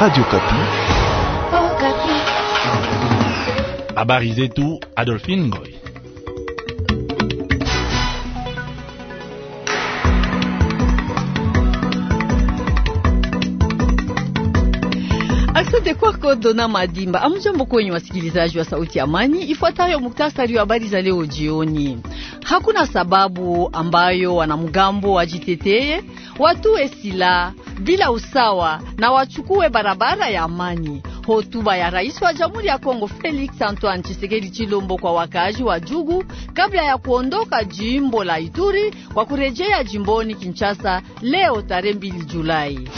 Radio Kapi. Oh, Habari oh, zetu Adolphine Ngoy. Asante kwako Dona Madimba. Amjambo kwenye wasikilizaji wa Sauti ya Amani, ifuatayo muktasari wa habari za leo jioni. Hakuna sababu ambayo wanamgambo wajiteteye, watue silaha bila usawa na wachukue barabara ya amani. Hotuba ya rais wa Jamhuri ya Kongo Felix Antoine chisekedi Chilombo kwa wakaaji wa Jugu kabla ya kuondoka jimbo la Ituri kwa kurejea jimboni Kinshasa leo tarehe 2 Julai.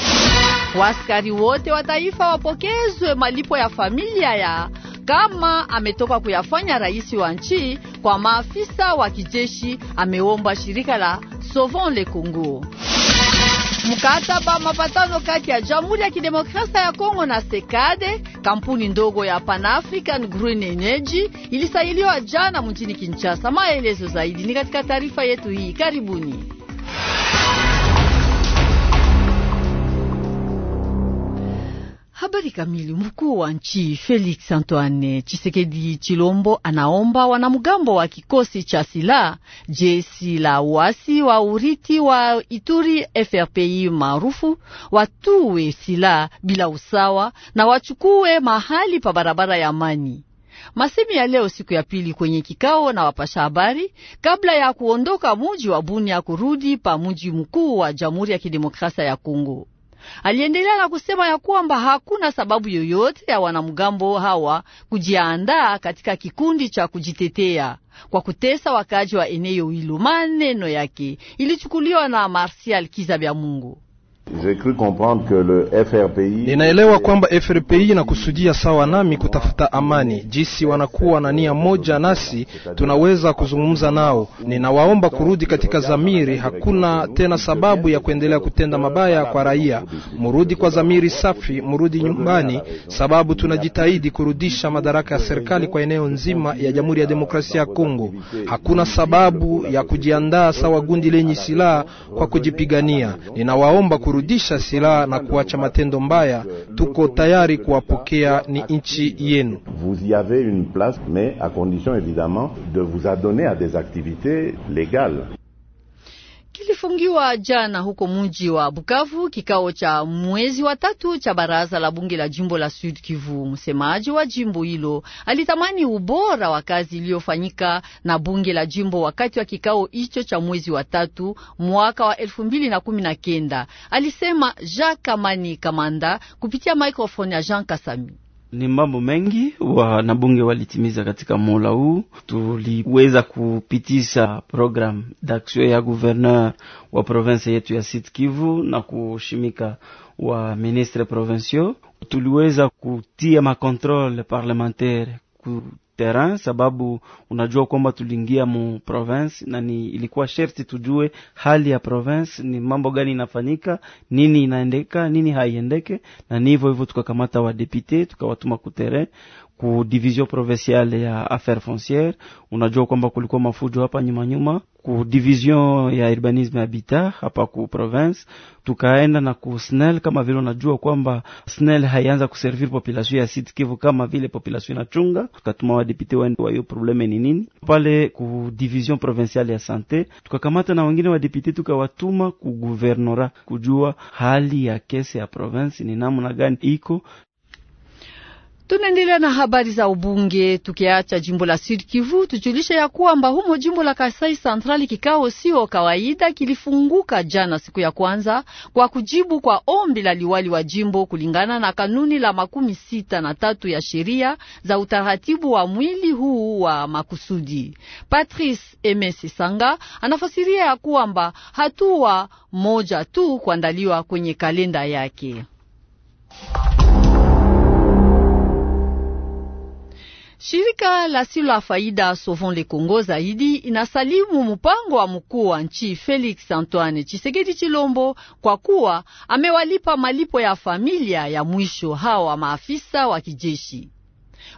Waskari wote wa taifa wapokezwe malipo ya familia ya kama ametoka kuyafanya rais wa nchi kwa maafisa wa kijeshi, ameomba shirika la Sauvons le Congo. Mkataba mapatano kati ya Jamhuri ya Kidemokrasia ya Kongo na Sekade, kampuni ndogo ya Pan African Green Energy, ilisailiwa jana mjini Kinshasa. Maelezo zaidi ni katika taarifa yetu hii, karibuni. Habari kamili. Mkuu wa nchi Felix Antoine Chisekedi Chilombo anaomba wanamgambo wa kikosi cha silaha jeshi la uasi wa uriti wa Ituri FRPI maarufu watuwe silaha bila usawa na wachukue mahali pa barabara ya amani. Masemi ya leo siku ya pili kwenye kikao na wapasha habari kabla ya kuondoka muji wa Bunia kurudi pa muji mkuu wa Jamhuri ya Kidemokrasia ya Kongo. Aliendelea na kusema ya kwamba hakuna sababu yoyote ya wanamgambo hawa kujiandaa katika kikundi cha kujitetea kwa kutesa wakaji wa eneo hilo. Maneno yake ilichukuliwa na Marsial vya Mungu. Ninaelewa kwamba FRPI inakusudia sawa nami kutafuta amani. Jinsi wanakuwa na nia moja nasi, tunaweza kuzungumza nao. Ninawaomba kurudi katika zamiri Hakuna tena sababu ya kuendelea kutenda mabaya kwa raia. Murudi kwa zamiri safi, murudi nyumbani, sababu tunajitahidi kurudisha madaraka ya serikali kwa eneo nzima ya Jamhuri ya Demokrasia ya Kongo. Hakuna sababu ya kujiandaa sawa gundi lenye silaha kwa kujipigania. Ninawaomba kurudi Vous y avez une place mais à condition évidemment de vous adonner à des activités légales. kilifungiwa jana huko mji wa Bukavu kikao cha mwezi wa tatu cha baraza la bunge la jimbo la Sud Kivu. Msemaji wa jimbo hilo alitamani ubora wa kazi iliyofanyika na bunge la jimbo wakati wa kikao hicho cha mwezi wa tatu mwaka wa elfu mbili na kumi na kenda, alisema Jacques amani Kamanda kupitia microphone ya Jean Kasami. Ni mambo mengi wanabunge walitimiza katika mola huu. Tuliweza kupitisha program d'action ya gouverneur wa province yetu ya Sud Kivu na kushimika wa ministre provinciaux. Tuliweza kutia makontrole parlementaire ku terrain, sababu unajua kwamba tuliingia mu province na ni ilikuwa sherti tujue hali ya province, ni mambo gani inafanyika, nini inaendeka, nini haiendeke, na ni hivyo hivyo tukakamata wadepute tukawatuma ku terrain ku division provinciale ya affaire foncière. Unajua kwamba kulikuwa mafujo hapa nyuma nyuma, ku division ya urbanisme habitat hapa ku province, tukaenda na ku SNEL. Kama vile unajua kwamba SNEL haianza kuservir population ya Sud Kivu kama vile population inachunga, tukatuma wadepute waende wa hiyo probleme ni nini pale ku division provinciale ya sante, tukakamata na wengine wadepute tukawatuma ku guvernora kujua hali ya kesi ya province ni namna gani iko Tunaendelea na habari za ubunge, tukiacha jimbo la Sud Kivu, tujulishe ya kwamba humo jimbo la Kasai central kikao sio kawaida kilifunguka jana siku ya kwanza kwa kujibu kwa ombi la liwali wa jimbo kulingana na kanuni la makumi sita na tatu ya sheria za utaratibu wa mwili huu wa makusudi. Patrice Emesi Sanga anafasiria ya kwamba hatua moja tu kuandaliwa kwenye kalenda yake. Shirika la si la faida Sauvons le Congo zaidi inasalimu mpango wa mkuu wa nchi Felix Antoine Tshisekedi Chilombo kwa kuwa amewalipa malipo ya familia ya mwisho hawa maafisa wa kijeshi.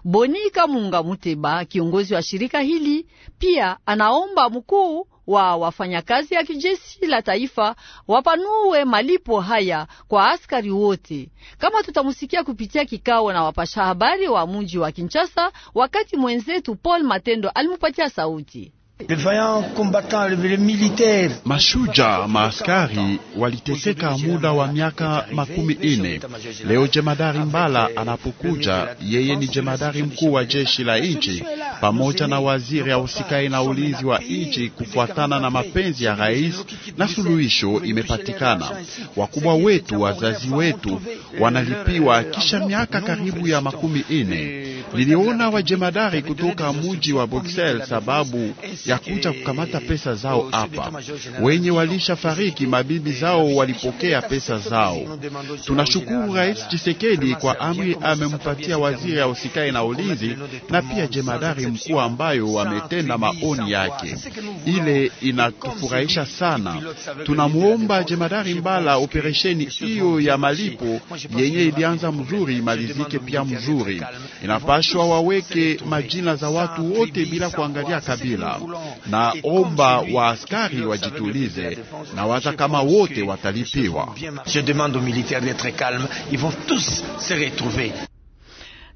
Bonika Munga Muteba, kiongozi wa shirika hili, pia anaomba mkuu wa wafanyakazi ya kijeshi la taifa wapanue malipo haya kwa askari wote, kama tutamusikia kupitia kikao na wapasha habari wa mji wa Kinshasa, wakati mwenzetu Paul Matendo alimupatia sauti mashuja maaskari waliteseka muda wa miaka makumi ine. Leo jemadari Mbala anapokuja, yeye ni jemadari mkuu wa jeshi la nchi pamoja na waziri ahusikaye na ulinzi wa nchi, kufuatana na mapenzi ya rais, na suluhisho imepatikana. Wakubwa wetu, wazazi wetu wanalipiwa kisha miaka karibu ya makumi ine. Niliona wajemadari kutoka muji wa Bruxelles sababu ya kuja kukamata pesa zao hapa. Wenye walisha fariki mabibi zao walipokea pesa zao. Tunashukuru Rais Tshisekedi kwa amri amempatia waziri ya usikai na ulinzi na pia jemadari mkuu ambayo wametenda maoni yake. Ile inatufurahisha sana. Tunamuomba jemadari Mbala operesheni hiyo ya malipo yenye ilianza mzuri imalizike pia mzuri. Inapasa wapashwa waweke majina za watu wote bila kuangalia kabila. Na omba wa askari wajitulize, na waza kama wote watalipiwa.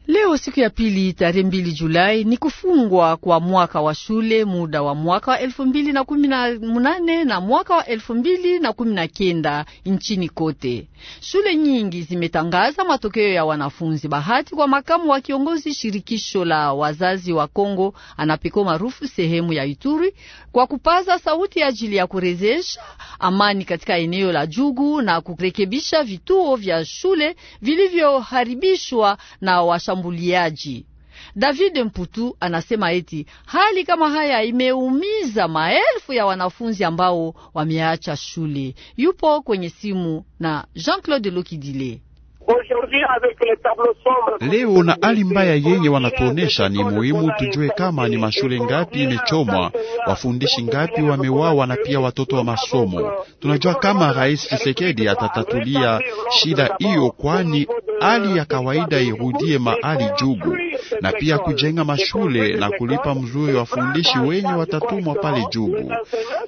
Leo siku ya pili tarehe mbili Julai ni kufungwa kwa mwaka wa shule muda wa mwaka wa elfu mbili na kumi na munane na mwaka wa elfu mbili na kumi na kenda nchini kote. Shule nyingi zimetangaza matokeo ya wanafunzi. Bahati kwa makamu wa kiongozi shirikisho la wazazi wa Kongo anapeko maarufu sehemu ya Ituri kwa kupaza sauti ajili ya kurejesha amani katika eneo la Jugu na kurekebisha vituo vya shule vilivyoharibishwa na washa washambuliaji. David Mputu anasema eti hali kama haya imeumiza maelfu ya wanafunzi ambao wameacha shule. Yupo kwenye simu na Jean-Claude Lokidile. Leo na hali mbaya yenye wanatuonesha, ni muhimu tujue kama ni mashule ngapi imechomwa, wafundishi ngapi wamewawa, na pia watoto wa masomo. Tunajua kama Rais Tshisekedi atatatulia shida hiyo, kwani hali ya kawaida irudie mahali jugu, na pia kujenga mashule na kulipa mzuri wafundishi wenye watatumwa pale jugu,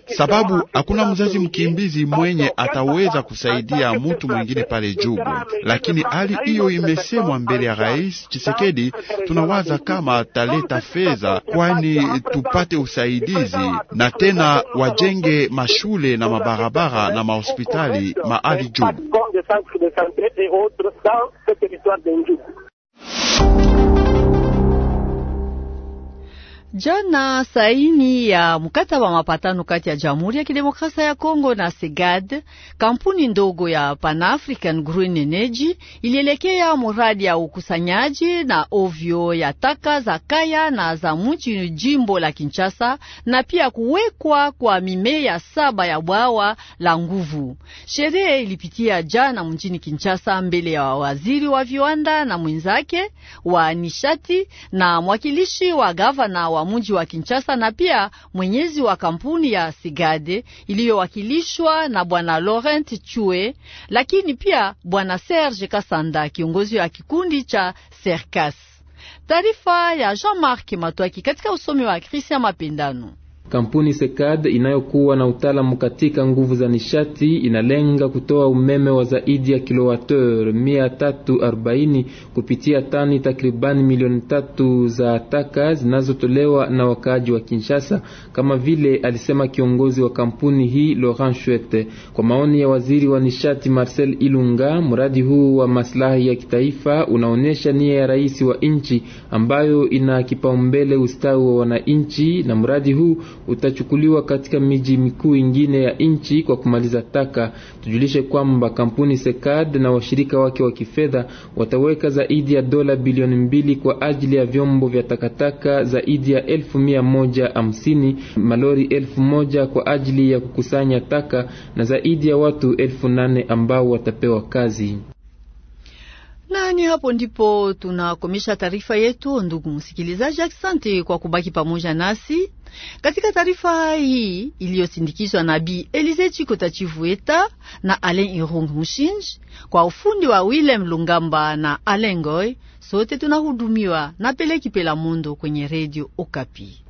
sababu hakuna mzazi mkimbizi mwenye ataweza kusaidia mtu mwingine pale jugu. Lakini hali hiyo imesemwa mbele ya Rais Chisekedi, tunawaza kama ataleta fedha, kwani tupate usaidizi na tena wajenge mashule na mabarabara na mahospitali mahali jugu. centres de santé et autres dans ce territoire d'Indou. Jana saini ya mkataba wa mapatano kati ya Jamhuri ya Kidemokrasia ya Kongo na SEGAD, kampuni ndogo ya Pan-African Green Energy ilielekea muradi ya ukusanyaji na ovyo ya taka za kaya na za mji jimbo la Kinshasa na pia kuwekwa kwa mimea saba ya bwawa la nguvu. Sherehe ilipitia jana mjini Kinshasa mbele ya waziri wa viwanda na mwenzake wa nishati na mwakilishi wa gavana wa mji wa Kinshasa na pia mwenyezi wa kampuni ya Sigade iliyowakilishwa na bwana Laurent Chue, lakini pia bwana Serge Kasanda, kiongozi wa kikundi cha Serkas. Taarifa ya Jean-Marc Matwaki katika usomi wa Christian Mapindano. Kampuni Sekad inayokuwa na utaalamu katika nguvu za nishati inalenga kutoa umeme wa zaidi ya kilowateur 340 kupitia tani takribani milioni tatu za taka zinazotolewa na wakaaji wa Kinshasa, kama vile alisema kiongozi wa kampuni hii Laurent Shwete. Kwa maoni ya waziri wa nishati Marcel Ilunga, mradi huu wa maslahi ya kitaifa unaonyesha nia ya rais wa nchi ambayo ina kipaumbele ustawi wa wananchi, na mradi huu utachukuliwa katika miji mikuu ingine ya nchi kwa kumaliza taka. Tujulishe kwamba kampuni Sekad na washirika wake wa kifedha wataweka zaidi ya dola bilioni mbili kwa ajili ya vyombo vya takataka zaidi ya elfu mia moja hamsini, malori elfu moja kwa ajili ya kukusanya taka na zaidi ya watu elfu nane ambao watapewa kazi ni hapo ndipo tunakomesha taarifa yetu, ndugu msikilizaji. Asante kwa kubaki pamoja nasi katika taarifa hii iliyosindikizwa na Bi Elize Chikota Chivueta na Alain Irung Mushinji kwa ufundi wa Willem Lungamba na Alain Goy. Sote tunahudumiwa na Peleki Pela Mundo kwenye Redio Okapi.